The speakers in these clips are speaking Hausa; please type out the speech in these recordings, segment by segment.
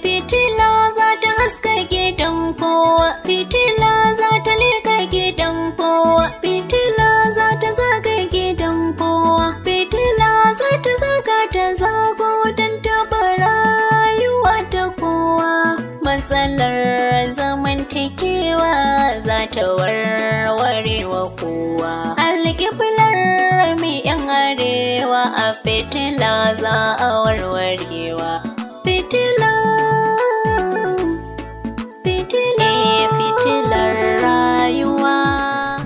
fitila za ta haska gidan kowa fitila za ta leka gidan kowa fitila za ta zaga gidan kowa fitila za ta zaga ta zago don taba rayuwa ta kowa matsalar zamantakewa za ta warware wa kowa alƙiblar mai yan arewa a fitila za a warwarewa fitila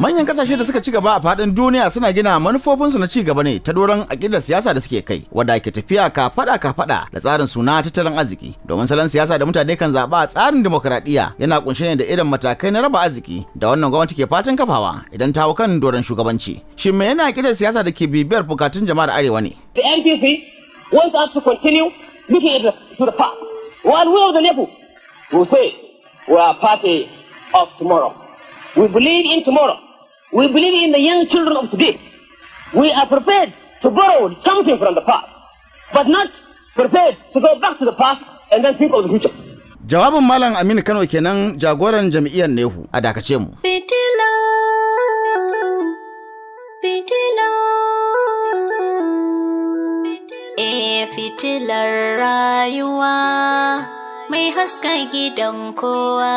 manyan kasashe da suka ci gaba a fadin duniya suna gina manufofinsu na ci gaba ne ta doron aƙidar siyasa da suke kai wadda ke tafiya ka faɗa ka faɗa da tsarin suna tattalin arziki domin salon siyasa da mutane kan zaɓa a tsarin dimokuraɗiyya yana kunshe ne da irin matakai na raba arziki da wannan gwamnati ke fatan kafawa idan ta hau kan doron shugabanci shin me yana aƙidar siyasa da ke bibiyar bukatun jama'ar arewa ne. The npc wants us to continue looking at the, to the past while we of the NEPU will say we are party of tomorrow. We believe in tomorrow. We believe in the young children of today. We are prepared to borrow something from the past, but not prepared to go back to the past and then think of the future. Jawabin Malam Aminu Kano kenan jagoran jam'iyyar Nehu a dakace mu. Fitila, fitila, e fitilar rayuwa mai haska gidan kowa.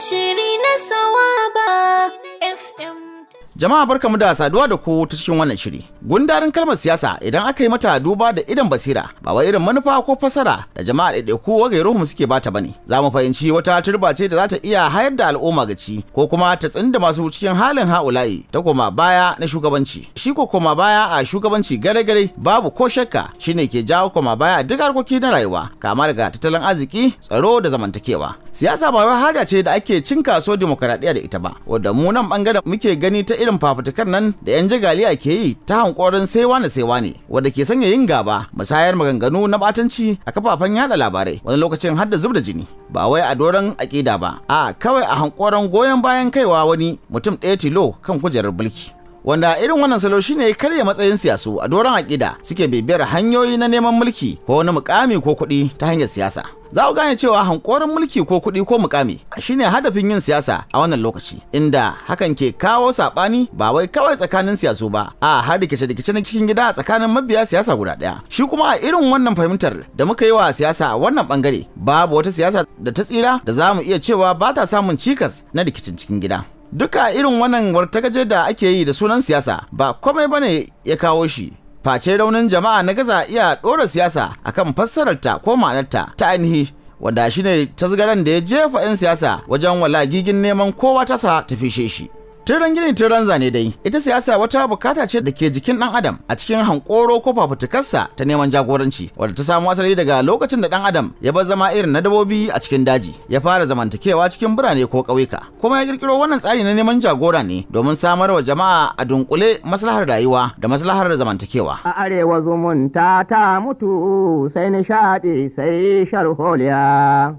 Shiri na sawaba FM. Jama'a barkamu da saduwa da ku ta cikin wannan shiri. gundarin kalmar siyasa idan aka yi mata duba da idan basira ba wai irin manufa ko fasara da jama'a ɗaiɗaiku wagai ruhum suke bata bane za mu fahimci wata turba ce da za ta iya hayar da al'umma ci ko kuma ta tsinda masu cikin halin ha'ulayi. ta koma baya na shugabanci shi ko koma baya a shugabanci gare-gare babu ko shakka shine ke jawo koma baya a duk harkoki na rayuwa kama daga tattalin arziki tsaro da zamantakewa siyasa ba wai haja ce da ake cin kaso dimokuraɗiyya da ita ba wadda mu nan bangaren muke gani ta irin fafutukar nan da 'yan jagali ke yi ta makorin sai wani sai wani wanda ke sanya yin gaba musayar maganganu na batanci a kafafen yada labarai wani lokacin har da zub da jini ba wai a doron akida ba a kawai a hankoran goyon bayan kaiwa wani mutum ɗaya tilo kan kujerar mulki wanda irin wannan salo shine karya matsayin siyasu a doron aƙida suke bibiyar hanyoyi na neman mulki ko wani mukami ko kuɗi ta hanyar siyasa za ku gane cewa hankorin mulki ko kuɗi ko mukami shine hadafin yin siyasa a wannan lokaci inda hakan ke kawo saɓani ba wai kawai tsakanin siyasu ba a har rikice-rikice na cikin gida tsakanin mabiya siyasa guda ɗaya shi kuma a irin wannan fahimtar da muka yi wa siyasa a wannan bangare babu wata siyasa da ta tsira da za mu iya cewa ba ta samun cikas na rikicin cikin gida duka irin wannan wartagaje da ake yi da sunan siyasa ba komai bane ya kawo shi face raunin jama'a na gaza iya ɗora siyasa akan fassararta ko ma'anarta ta ainihi wanda shine tasgaran da ya jefa 'yan siyasa wajen wala gigin neman kowa tasa ta shi Tiran gini tiran zane dai, ita siyasa wata bukata ce da ke jikin ɗan adam a cikin hankoro ko fafutukarsa ta neman jagoranci, wadda ta samo asali daga lokacin da ɗan adam ya bar zama irin na dabobi a cikin daji, ya fara zamantakewa cikin birane ko ƙauyuka. Kuma ya kirkiro wannan tsari na neman jagora ne domin samar wa jama'a a dunkule maslahar rayuwa da maslahar zamantakewa. A arewa zumunta ta mutu sai nishaɗi sai sharholiya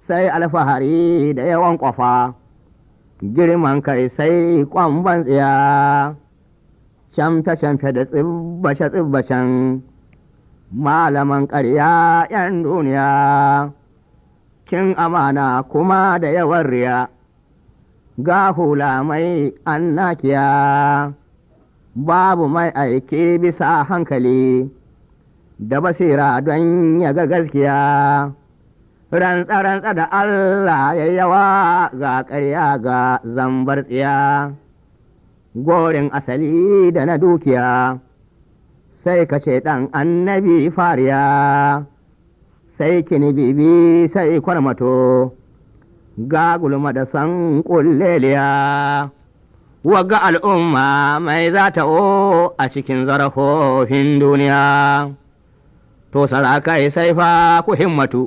sai alfahari da yawan kwafa. girman kai sai kwamban tsiya shamfe-shamfe da tsibbashe-tsibbashen malaman karya 'yan duniya cin amana kuma da yawan riya ga hula mai annakiya babu mai aiki bisa hankali da basira don ya ga gaskiya rantsa-rantsa da Allah ya yawa ga ƙarya ga zambar tsiya, gorin asali da na dukiya, sai ka ce ɗan annabi fariya, sai kini bibi sai kwarmato, ga gulma da san ƙulleliya. Wagga al'umma mai za ta o a cikin zarafofin duniya, to sarakai sai fa ku himmatu.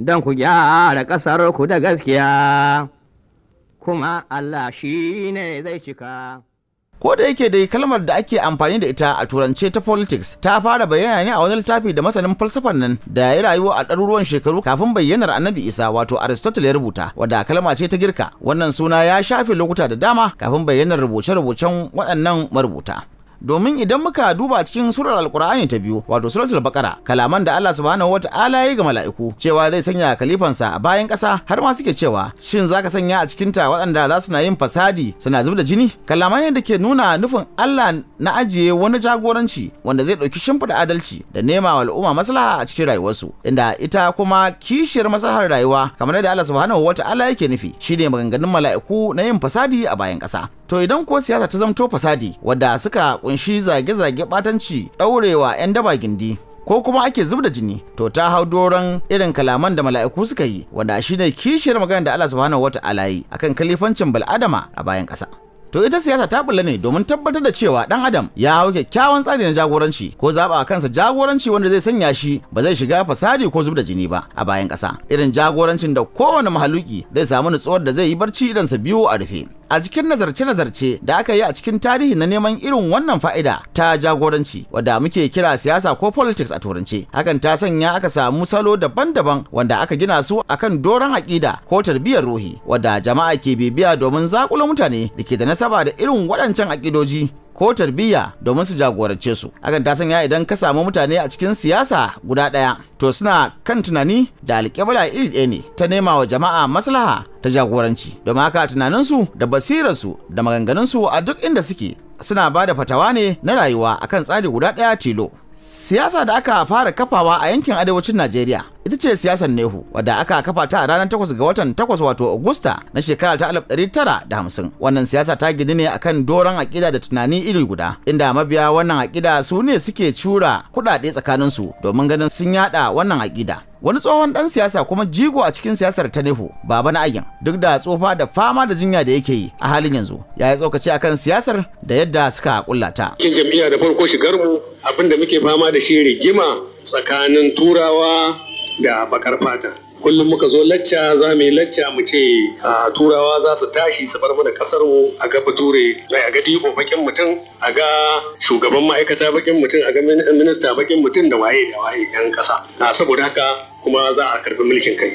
don ku gyara ƙasarku da gaskiya kuma Allah shi ne zai cika. ko da yake dai kalmar da ake amfani da ita a turance ta politics ta fara bayyana ne a wani littafi da masanin falsafan nan da ya rayuwa a ɗaruruwan shekaru kafin bayyanar annabi isa wato aristotle ya rubuta wadda kalma ce ta girka wannan suna ya shafe lokuta da dama kafin bayyanar rubuce-rubucen waɗannan marubuta domin idan muka duba cikin surar alkur'ani ta biyu wato suratul bakara kalaman da Allah subhanahu ta'ala ya ga mala'iku cewa zai sanya kalifansa a bayan ƙasa har ma suke cewa shin zaka sanya a cikin ta waɗanda za su na yin fasadi suna zub da jini kalaman ne da ke nuna nufin Allah na ajiye wani jagoranci wanda zai ɗauki shimfiɗa adalci da nema wa al'umma maslaha a cikin rayuwarsu inda ita kuma kishiyar maslahar rayuwa kamar yadda Allah subhanahu ta'ala yake nufi shine maganganun mala'iku na yin fasadi a bayan ƙasa to idan ko siyasa ta zamto fasadi wadda suka kunshi zage-zage batanci ɗaurewa 'yan daba gindi ko kuma ake zub da jini to ta hau doron irin kalaman da mala'iku suka yi wanda ne kishiyar magana da Allah subhanahu wata'ala yi akan kalifancin bal'adama a bayan ƙasa to ita siyasa ta bulla ne domin tabbatar da cewa dan adam ya hau kyakkyawan tsari na jagoranci ko zaba a kansa jagoranci wanda zai sanya shi ba zai shiga fasadi ko zub da jini ba a bayan ƙasa irin jagorancin da kowane mahaluki zai samu nutsuwar da zai yi barci idan sa biyu a rufe a cikin nazarce-nazarce da aka yi a cikin tarihi na neman irin wannan fa'ida ta jagoranci wadda muke kira siyasa ko politics a Turanci. hakan ta sanya aka samu salo daban-daban wanda aka gina su a kan doron aƙida ko tarbiyyar ruhi wadda jama'a ke bibiya domin zakulo mutane da ke da nasaba da irin waɗancan aƙidoji ko tarbiyya domin su jagorance su hakan ta sanya idan ka samu mutane a cikin siyasa guda ɗaya to suna kan tunani da alƙibla iri ɗaya ne ta nema wa jama'a maslaha ta jagoranci domin haka tunaninsu da basirarsu da maganganunsu a duk inda suke suna ba da fatawa ne na rayuwa akan tsari guda ɗaya tilo Siyasa da aka fara kafawa a yankin arewacin Najeriya ita ce siyasar Nehu wadda aka kafa ta a ranar 8 ga watan 8 wato Agusta na shekara ta 1950. Wannan siyasa ta gidi ne akan doron akida da tunani iri guda inda mabiya wannan akida su ne suke cura kuɗaɗe tsakaninsu domin ganin sun yada wannan akida. wani tsohon dan siyasa kuma jigo a cikin siyasar ta neho baba na ayyan duk da tsofa da fama da jinya da yake yi a halin yanzu ya yi tsokaci akan siyasar da yadda suka kullata cikin jam'iyya da farko shigar mu abin da muke fama da shi rigima tsakanin turawa da bakar fata kullum muka zo lacca za mu yi lacca mu ce a turawa za su tashi su bar da kasar mu a ga bature a ga diko bakin mutum a ga shugaban ma'aikata bakin mutum a ga minista bakin mutum da waye da waye yan kasa saboda haka kuma za a karbi mulkin kai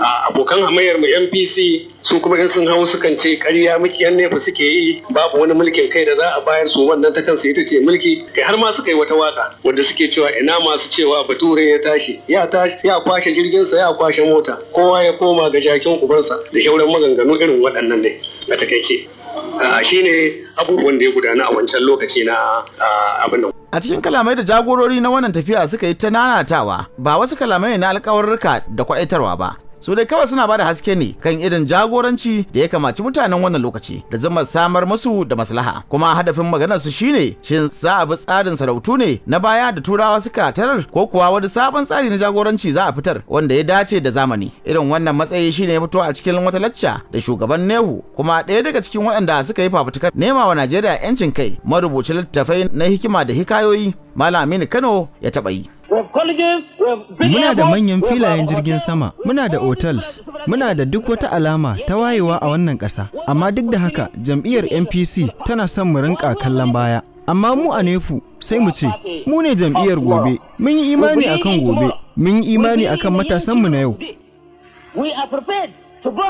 a abokan hamayyar mu NPC su kuma in sun hau sukan ce ƙarya miki yan nefa suke yi babu wani mulkin kai da za a bayar su wannan ta kansa ita ce mulki kai har ma suka yi wata waka wanda suke cewa ina masu cewa bature ya tashi ya tashi ya kwashe jirgin sa ya kwashe mota kowa ya koma ga jakin ubansa da shauran maganganu irin waɗannan ne a takaice Ah, shi ne abubuwan da ya gudana a wancan lokaci na ah, abin da a cikin kalamai da jagorori na wannan tafiya suka yi ta nanatawa ba wasu kalamai na alkawarurka da kwaɗaitarwa ba su dai kawai suna bada haske ne kan irin jagoranci da ya kamaci mutanen wannan lokaci da zama samar musu da maslaha kuma hadafin maganar su shine shin za a bi tsarin sarautu ne na baya da turawa suka tarar ko kuwa wani sabon tsari na jagoranci za a fitar wanda ya dace da zamani irin wannan matsayi shine ya fito a cikin wata lacca da shugaban Nehu kuma ɗaya daga cikin waɗanda suka yi fafutukar nema wa Najeriya 'yancin kai Marubucin littattafai na hikima da hikayoyi Malam Aminu Kano ya taɓa yi. Muna da manyan filayen jirgin sama, muna da otels, muna da duk wata alama ta wayewa a wannan ƙasa. Amma duk da haka jam'iyyar NPC tana son mu rinƙa kallon baya. Amma mu a nefu sai mu ce, mu ne jam'iyyar gobe, mun yi imani akan gobe, mun yi imani akan matasanmu na yau.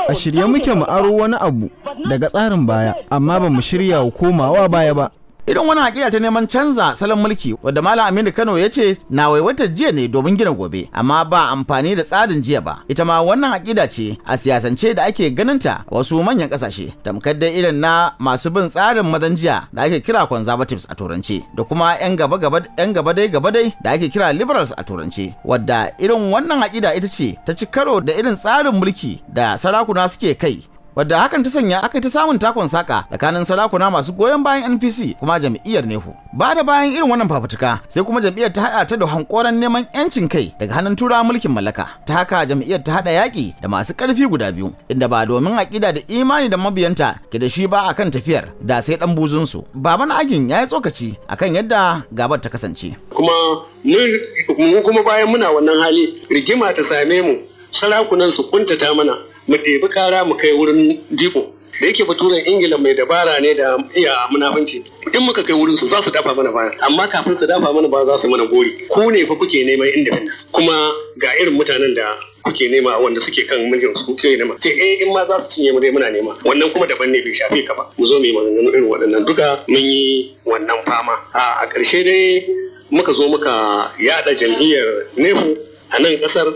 A shirye muke mu aro wani abu daga tsarin baya, amma ba mu shirya komawa baya ba. irin wani haƙiƙa ta neman canza salon mulki wadda malam aminu kano ya ce na waiwatar jiya ne domin gina gobe amma ba amfani da tsarin jiya ba ita ma wannan haƙiƙa ce a siyasance da ake ganinta wasu manyan ƙasashe tamkar da irin na masu bin tsarin mazan jiya da ake kira conservatives a turanci da kuma yan gaba gaba yan gaba dai gaba dai da ake kira liberals a turanci wadda irin wannan haƙiƙa ita ce ta ci karo da irin tsarin mulki da sarakuna suke kai wadda hakan ta sanya aka ta samun takon saka tsakanin sarakuna masu goyon bayan NPC kuma jam'iyyar Nehu. Ba da bayan irin wannan fafutuka sai kuma jam'iyyar ta haɗa ta da hankoran neman yancin kai daga hannun turawa mulkin mallaka. Ta haka jam'iyyar ta haɗa yaƙi da masu ƙarfi guda biyu inda ba domin aƙida da imani da mabiyanta ke da shi ba akan tafiyar da sai ɗan buzunsu. Baban Agin ya yi tsokaci akan yadda gabar ta kasance. Kuma mun kuma bayan muna wannan hali rigima ta same mu sarakunan su kuntata mana mu ɗebi kara mu kai wurin jiko da yake baturen ingila mai dabara ne da iya munafunci in muka kai wurin su za su dafa mana baya amma kafin su dafa mana ba za su mana gori ku ne fa kuke neman independence kuma ga irin mutanen da kuke nema wanda suke kan mulkin su kuke nema ce eh in ma za su cinye mu dai muna nema wannan kuma daban ne bai shafe ka ba mu zo mu yi maganganu irin waɗannan duka mun yi wannan fama a ƙarshe dai muka zo muka yaɗa jam'iyyar nefu a nan kasar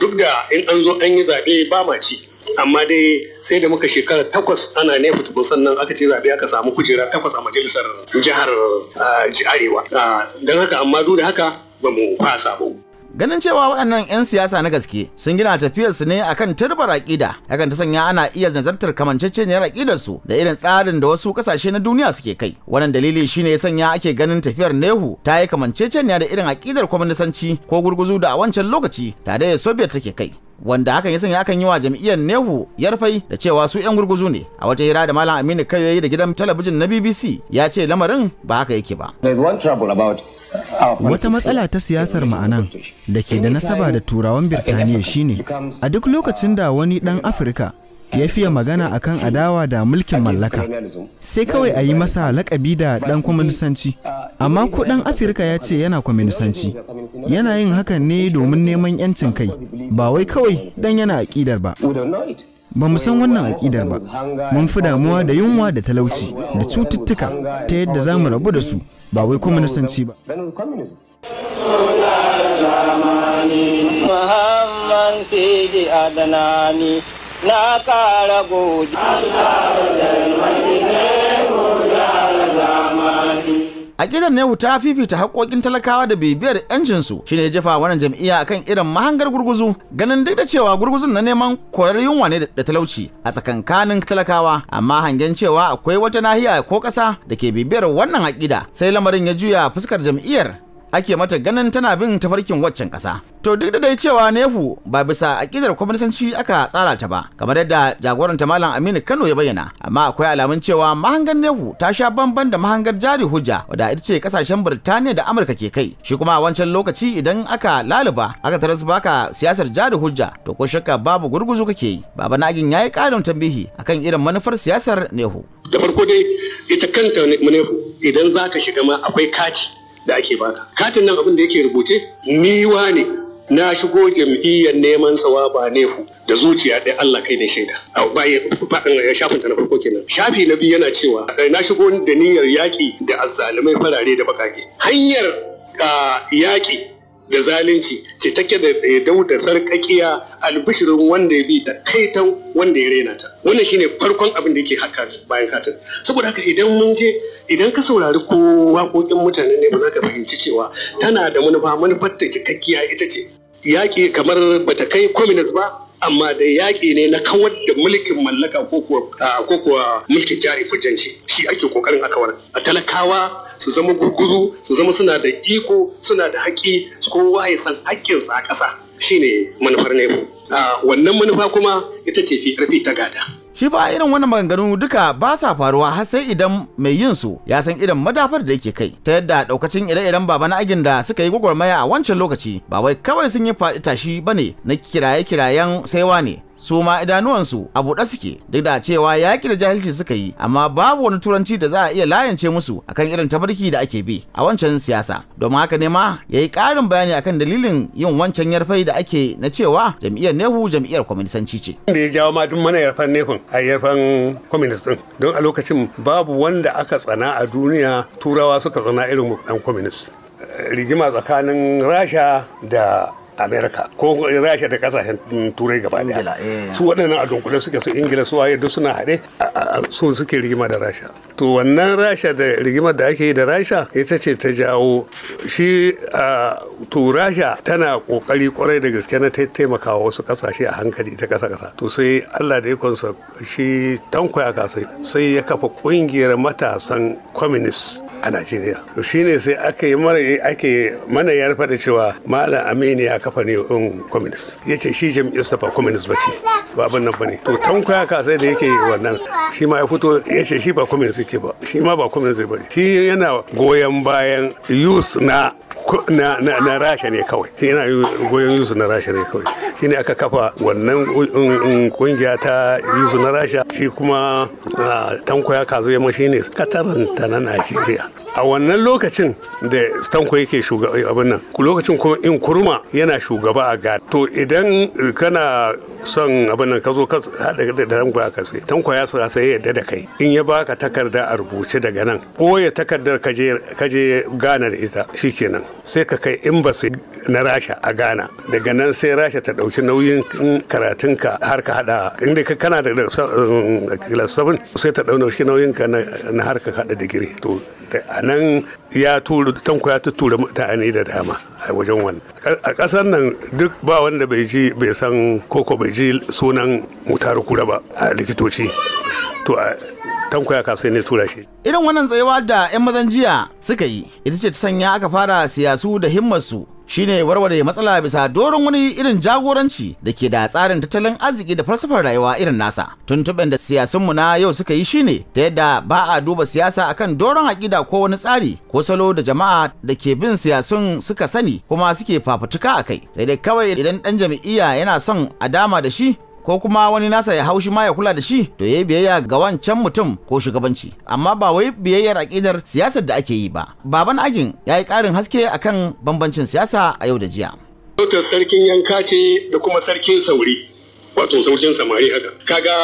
duk da in an zo an yi zaɓe ba ma ci amma dai sai da muka shekara takwas ana ne fito sannan aka ce zaɓe aka samu kujera takwas a majalisar jihar arewa don haka amma duk da haka ba mu fasa ba ganin cewa waɗannan 'yan siyasa na gaske sun gina tafiyarsu ne akan turbar aƙida hakan ta sanya ana iya nazartar kamanceceniyar aƙidarsu da irin tsarin da wasu ƙasashe na duniya suke kai wannan dalili shine ya sanya ake ganin tafiyar nehu ta yi kamanceceniya da irin aƙidar kwaminisanci ko gurguzu da a wancan lokaci tare da soviet take kai wanda hakan ya sanya akan yi wa jam'iyyar Nehu yarfai da cewa su 'yan gurguzu ne a wata hira da Malam Aminu kai yayi da gidan talabijin na BBC ya ce lamarin ba haka yake ba. Wata matsala ta siyasar ma'anan da ke da nasaba da turawan Birtaniya shine a duk lokacin da wani dan Afirka ya fiye magana a kan adawa da mulkin mallaka sai kawai a yi masa lakabi da ɗan kwaminisanci amma ko ɗan afirka ya ce yana kwaminisanci yana yin hakan ne domin neman 'yancin kai ba wai kawai dan yana aƙidar ba ba mu san wannan aƙidar ba mun fi damuwa da yunwa da talauci da cututtuka ta yadda za mu rabu da su ba wai kwaminisanci ba محمد na ƙara goji. A gidan Nehu ta fifita haƙoƙin talakawa da bibiyar 'yancinsu shi ne jefa wannan jam'iyya kan irin mahangar gurguzu ganin duk da cewa gurguzun na neman korar yunwa ne da talauci a tsakankanin talakawa amma hangen cewa akwai wata nahiya ko ƙasa da ke bibiyar wannan aƙida sai lamarin ya juya fuskar jam'iyyar ake mata ganin tana bin tafarkin waccan ƙasa. To duk da dai cewa Nehu ba bisa aƙidar kwamnisanci aka tsara ta ba, kamar yadda jagoranta Malam Aminu Kano ya bayyana, amma akwai alamun cewa mahangar Nehu ta sha bamban da mahangar jari hujja wadda ita ce ƙasashen Birtaniya da Amurka ke kai. Shi kuma a wancan lokaci idan aka laluba aka taras baka siyasar jari hujja to ko shakka babu gurguzu kake yi. Baba Nagin ya yi ƙarin tambihi akan irin manufar siyasar Nehu. Da farko dai ita kanta Nehu idan za ka shiga ma akwai kati da ake baka katin nan abin da yake rubuce niwa ne na shigo jam'iyyar neman tsawa ne ku da zuciya ɗaya Allah kai ne shaida a bayan shafin ta na farko kenan shafi na biyu yana cewa eh, na shigo da niyyar yaƙi da azzalumai farare da bakake hanyar yaƙi da zalunci ce take da eh, dauda sarkakiya albishirin wanda ya bi da kaitan wanda ya rena ta wannan shine farkon abin da yake haka bayan katin saboda haka idan mun je idan ka saurari ko waƙoƙin mutane ne ba za ka fahimci cewa tana da manufa manufar ta cikakkiya ita ce yaƙi kamar bata kai communist ba amma da yaƙi ne na kawar da mulkin mallaka ko kuwa mulkin jari fujanci shi ake kokarin a kawar a talakawa su zama gurguru su zama suna da iko suna da haƙƙi kowa ya san haƙƙinsa a ƙasa shine manufar ne wannan manufa kuma ita ce fi ƙarfi ta gada shi fa irin wannan maganganu duka ba sa faruwa har sai idan mai yin su ya san irin madafar da yake kai ta yadda daukacin ire-iren baba na agin da suka yi gwagwarmaya a wancan lokaci ba wai kawai sun yi faɗi tashi bane na kiraye-kirayen saiwa ne su ma idanuwansu a buɗe suke duk da cewa yaƙi da jahilci suka yi amma babu wani turanci da za a iya layance musu akan irin tabarki da ake bi a wancan siyasa domin haka ne ma ya yi ƙarin bayani akan dalilin yin wancan yarfai da ake na cewa jam'iyyar nehu jam'iyyar kwaminisanci ce. da ya jawo ma duk mana yarfan nehun a yarfan kwaminist din don a lokacin babu wanda aka tsana a duniya turawa suka tsana irin dan kwaminist rigima tsakanin rasha da Amerika ko rasha da kasashen turai gaba daya eh. su waɗannan a dunkule suke su ingila su waye duk suna haɗe so suke rigima da rasha to wannan rasha da rigima da ake yi da rasha ita ce ta jawo shi a to rasha tana kokari kwarai da gaske na taimaka wasu kasashe a hankali ta kasa kasa to sai allah da ikonsa shi tankwaya kasai sai ya kafa kungiyar matasan communist a Najeriya. To ne sai aka yi mara ake mana ya da cewa Malam Aminu ya kafa ne un communist. Ya ce shi jam'iyyarsa ba communist ba ce ba abin nan ba ne. To tankwaya sai da yake wannan shi ma ya fito ya ce shi ba communist ke ba shi ma ba communist ba shi yana goyon bayan yus na na rasha ne kawai shi yana goyon yusu na rasha ne kawai shi ne aka kafa wannan kungiya ta yusu na rasha shi kuma tanko ya kazo ya mashi ne kataranta na najeriya a wannan lokacin da tanko yake shugaba eh, abin nan lokacin kuma in kurma yana shugaba a ga to idan kana son abin nan ka zo ka haɗa da tanko ya kasu tanko ya sa sai yadda da kai in ya baka takarda a rubuce daga nan ko ya takardar kaje gana da ita shikenan sai ka kai embassy na rasha a ghana daga nan sai rasha ta ɗauki nauyin karatunka har ka hada inda ka kana da um, class 7 sai ta ɗau nauyin ka na har ka hada digiri to a nan ya tura tanku ya tuttura mutane da dama a wajen wani. a kasar nan duk ba wanda bai ji bai san koko bai ji sunan mutar kura ba a likitoci to tankwaya ka sai ne tura shi irin wannan tsayuwa da yan mazan jiya suka yi ita ce ta sanya aka fara siyasu da himmarsu shine warware matsala bisa doron wani irin jagoranci da ke da tsarin tattalin arziki da falsafar rayuwa irin nasa tuntuɓen da siyasunmu na yau suka yi shine ta yadda ba a duba siyasa akan doron haƙida ko wani tsari ko salo da jama'a da ke bin siyasun suka sani kuma suke fafutuka a kai sai dai kawai idan dan jam'iyya yana son a dama da shi ko kuma wani nasa ya haushi ma ya kula da shi to yayi biyayya ga wancan mutum ko shugabanci amma ba wai biyayyar akidar siyasar da ake yi ba baban agin ya yi ƙarin haske akan bambancin siyasa a yau da jiya Sautar sarkin yanka ce da kuma sarkin sauri wato saurin samari haka kaga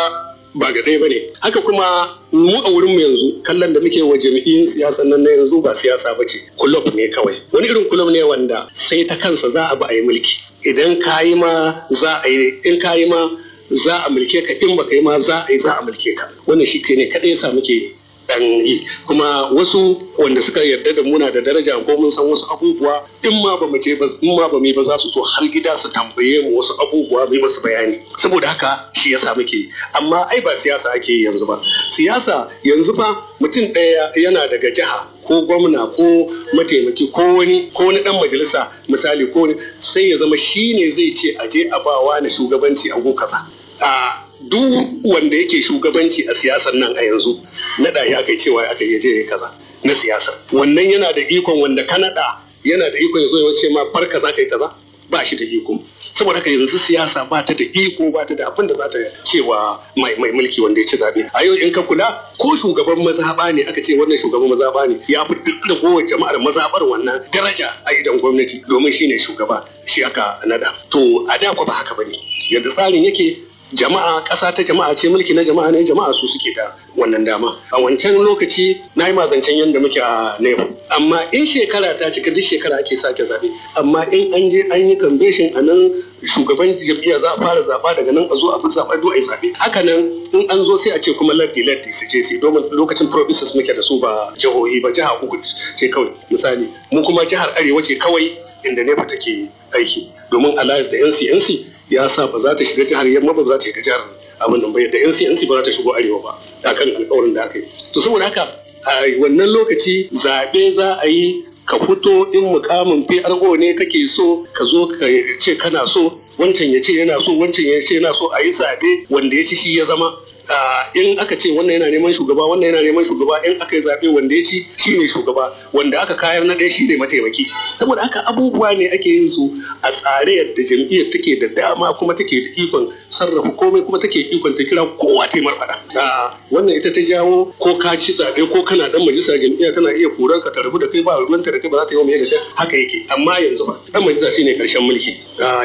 ba ga ba ne haka kuma mu a wurin mu yanzu kallon da muke wa jami'in siyasan nan na yanzu ba siyasa bace ce ne kawai wani irin kulob ne wanda sai ta kansa za a ba a yi mulki idan ka yi ma za a yi in kayi ma za a mulke ka in baka yi ma za a yi za a mulke ka wannan shi ne kadai sa muke dan yi kuma wasu wanda suka yarda da muna da daraja ko mun san wasu abubuwa in ma ba mu je ba in ma ba mu ba za su zo har gida su tambaye mu wasu abubuwa mu su bayani saboda haka shi yasa muke amma ai ba siyasa ake yanzu ba siyasa yanzu ba mutum ɗaya yana daga jiha ko gwamna ko mataimaki ko wani ko wani dan majalisa misali ko sai ya zama shine zai ce a je a ba wani shugabanci a go kaza a duk wanda yake shugabanci a siyasar nan a yanzu naɗa ya kai cewa aka yi je kaza na siyasar wannan yana da ikon wanda ka naɗa yana da ikon yanzu, ya ce ma barka za ka yi kaza ba shi da iko saboda haka yanzu siyasa ba ta da iko ba ta da abin da za ta cewa mai mulki wanda ya ci zaɓe. a yau in ka kula ko shugaban mazaɓa ne aka ce wannan shugaban mazaɓa ne ya fi duk da kowace jama'ar mazaɓar wannan daraja a idan gwamnati domin shine shugaba shi aka nada to a da ba haka ba ne. yadda tsarin yake jama'a ƙasa ta jama'a ce mulki na jama'a ne jama'a su suke da wannan dama a wancan lokaci na yi mazancen yadda muke a nefa amma in shekara ta cika duk shekara ake sake zaɓe amma in an je an yi kambeshin a nan shugaban jam'iyya za a fara zaɓa daga nan a zo a fi zaɓa duk a yi zaɓe haka nan in an zo sai a ce kuma lardi lardi su ce sai domin lokacin provinces muke da su ba jihohi ba jiha uku ce kawai misali mu kuma jihar arewa ce kawai inda nefa take aiki domin a da ncnc ya sa ba za ta shiga jihar yamma ba za ta shiga jihar abin nan ba yadda ba za ta shigo arewa ba a kan alkawarin da aka yi to saboda haka a wannan lokaci zaɓe za a yi ka fito in mukamin PRO ne kake so ka zo ka ce kana so wancan ya ce yana so wancan ya ce yana so a yi zaɓe wanda ya ci shi ya zama in aka ce wannan yana neman shugaba wannan yana neman shugaba in aka yi zaɓe wanda ya ci shi ne shugaba wanda aka kayar na ɗaya shi ne mataimaki saboda haka abubuwa ne ake yin su a tsare yadda jam'iyyar take da dama kuma take da ikon sarrafa komai kuma take ikon ta kira kowa ta wannan ita ta jawo ko ka ci zaɓe ko kana dan majalisa jam'iyya tana iya koran ka ta rabu da kai ba ruwanta da kai ba za ta yi wa mai da haka yake amma yanzu ba ɗan majalisa ne ƙarshen mulki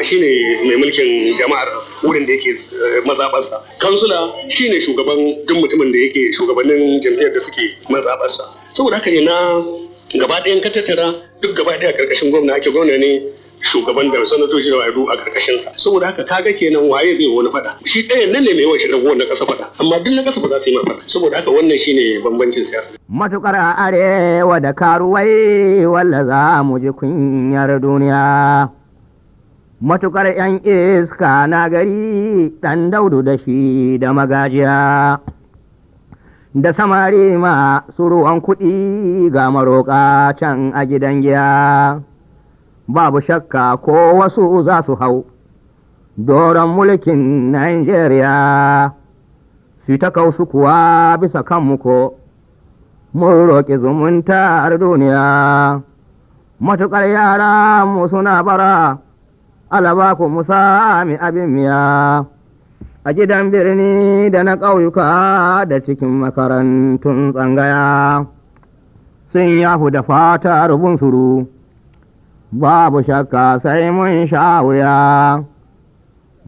shine mai mulkin jama'ar wurin da yake eh, mazaɓarsa kansula shine shugaban duk mutumin da yake shugabannin jam'iyyar da suke mazaɓarsa saboda haka ne na gaba ɗayan ka duk gaba ɗaya ƙarƙashin gwamna ake gwamna ne shugaban da sanatoci da wayadu a ƙarƙashin sa saboda haka kaga kenan waye zai wani fada shi ɗayan nan ne mai yawan shirin na ƙasa fada amma duk na ƙasa ba za su yi mafada saboda haka wannan shine bambancin siyasa matukar arewa da karuwai wanda za mu ji kunyar duniya matukar ‘yan iska na gari ɗan daudu da shi da magajiya da samari ma ruwan kuɗi ga maroƙa can a gidan giya babu shakka ko wasu za su hau doron mulkin Najeriya su ta kausu kuwa bisa kanmu ko mun roƙi zumunta duniya matuƙar yara mu suna bara alabaku musa mi abin miya a gidan birni da na ƙauyuka da cikin makarantun tsangaya sun yahu da fata rubun suru babu shakka sai mun sha wuya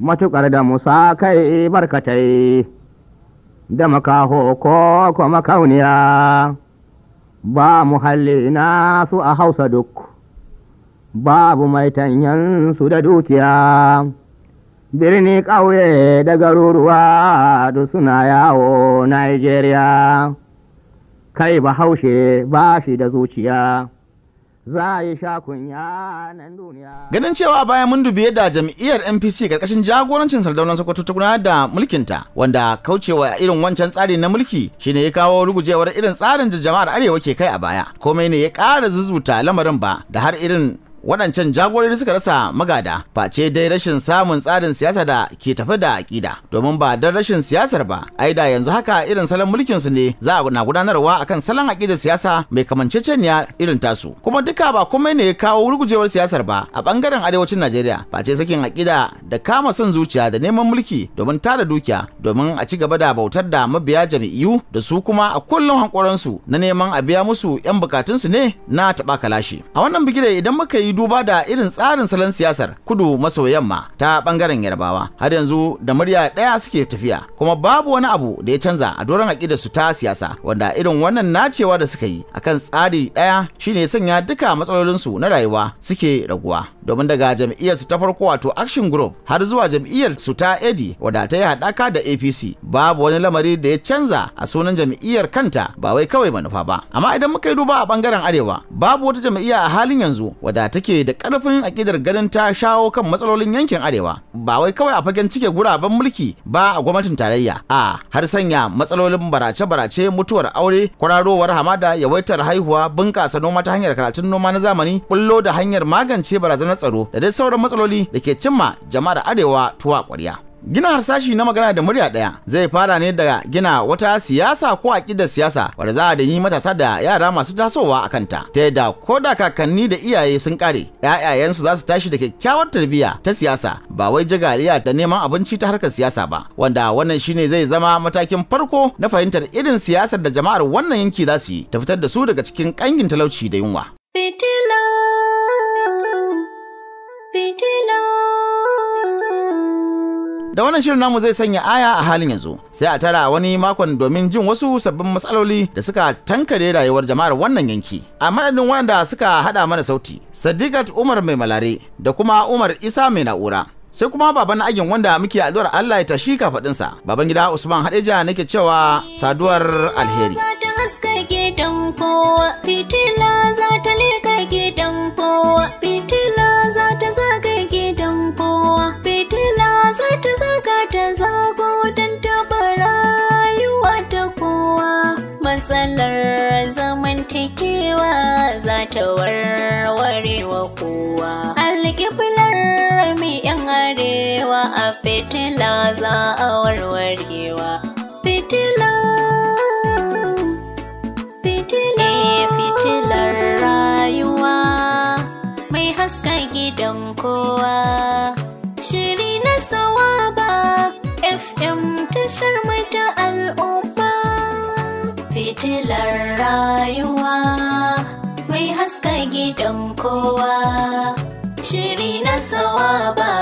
matuƙar da musa kai barkatai da makaho ko kuma kauniya ba muhalli nasu a hausa duk babu mai su da dukiya birni ƙauye da garuruwa da suna yawo nigeria kai bahaushe ba shi da zuciya za a yi shakunya nan duniya. Ganin cewa a baya mun dubi da jam'iyyar NPC karkashin jagorancin sardaunan Sokoto ta da mulkinta wanda kaucewa irin wancan tsari na mulki shine ya kawo rugujewar irin tsarin da jama'ar Arewa ke kai a baya. Komai ne ya ƙara zuzuta lamarin ba da har irin waɗancan jagorori suka rasa magada face dai rashin samun tsarin siyasa da ke tafi da akida domin ba don rashin siyasar ba ai da yanzu haka irin salon mulkin su ne za a na gudanarwa akan salon akidar siyasa mai kamanceceniya irin tasu kuma duka ba komai ne ya kawo rugujewar siyasar ba a bangaren arewacin Najeriya face sakin akida da kama son zuciya da neman mulki domin tara dukiya domin a ci gaba da bautar da mabiya jami'u da su kuma a kullum hankoransu na neman a biya musu 'yan bukatunsu ne na taɓa kalashi a wannan bigire idan muka yi yi duba da irin tsarin salon siyasar kudu maso yamma ta bangaren yarbawa har yanzu da murya ɗaya suke tafiya kuma babu wani abu da ya canza a doron aƙidar su ta siyasa wanda irin wannan nacewa da suka yi akan tsari ɗaya shine sanya duka matsalolinsu na rayuwa suke raguwa domin daga jam'iyyar su ta farko wato action group har zuwa jam'iyyar su ta edi wadda ta yi haɗaka da apc babu wani lamari da ya canza a sunan jam'iyyar kanta ba wai kawai manufa ba amma idan muka yi duba a bangaren arewa babu wata jam'iyya a halin yanzu wadda ta take da karfin aƙidar ganin ta shawo kan matsalolin yankin arewa ba wai kawai a fagen cike guraben mulki ba a gwamnatin tarayya a har sanya matsalolin barace-barace mutuwar aure kwararowar hamada yawaitar haihuwa bunkasa noma ta hanyar karatun noma na zamani bullo da hanyar magance barazanar tsaro da dai sauran matsaloli da ke cimma jama'ar arewa tuwa ƙwarya. Gina harsashi na magana da murya ɗaya zai fara ne daga gina wata siyasa ko aƙidar siyasa wadda za a da yi matasa da yara masu tasowa a kanta. Ta yadda ko da kakanni da iyaye sun ƙare, ‘ya'yayensu za su tashi da kyakkyawar tarbiyya ta siyasa ba wai jagaliya da neman abinci ta harkar siyasa ba, wanda wannan shine zai zama matakin farko na fahimtar irin siyasar da jama'ar wannan yanki za su yi ta fitar da su daga cikin ƙangin talauci da yunwa. Fitila, fitila. da wannan shirin namu zai sanya aya a halin yanzu sai a tara wani makon domin jin wasu sabbin matsaloli da suka tankare rayuwar jama'ar wannan yanki a madadin wanda suka hada mana sauti sadiqat umar mai malare da kuma umar isa mai na'ura sai kuma baban agin wanda muke addu'ar Allah ya tashi kafaɗinsa baban gida usman hadeja nake cewa saduwar alheri fitila za ta leka gidan kowa fitila za ta kudin tabara rayuwa ta kowa matsalar zamantakewa za ta warwarewa kowa alƙiblar mai yan arewa a fitila za a warwarewa fitila fitila eh, fitilar rayuwa mai haska gidan kowa isar al'umma fitilar rayuwa mai haska gidan kowa shiri na sawa ba,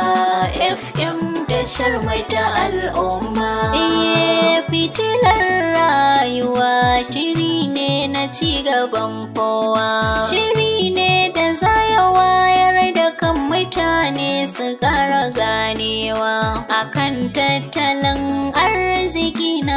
fm da sharmata al'umma iye eh, fitilar rayuwa shiri ne na cigaban kowa shiri ne da zaya wayar da kan mutane su gara ganewa akan tattalin ar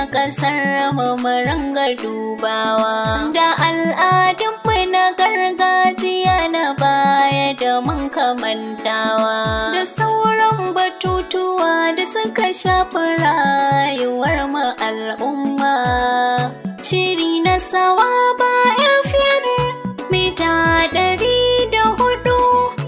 kasar ƙasar ga dubawa da al'adun al'adunmu na gargajiya na baya da man kamantawa da sauran batutuwa da suka shafi rayuwar mu al'umma shiri na sawa ba fm mita ɗari da hudu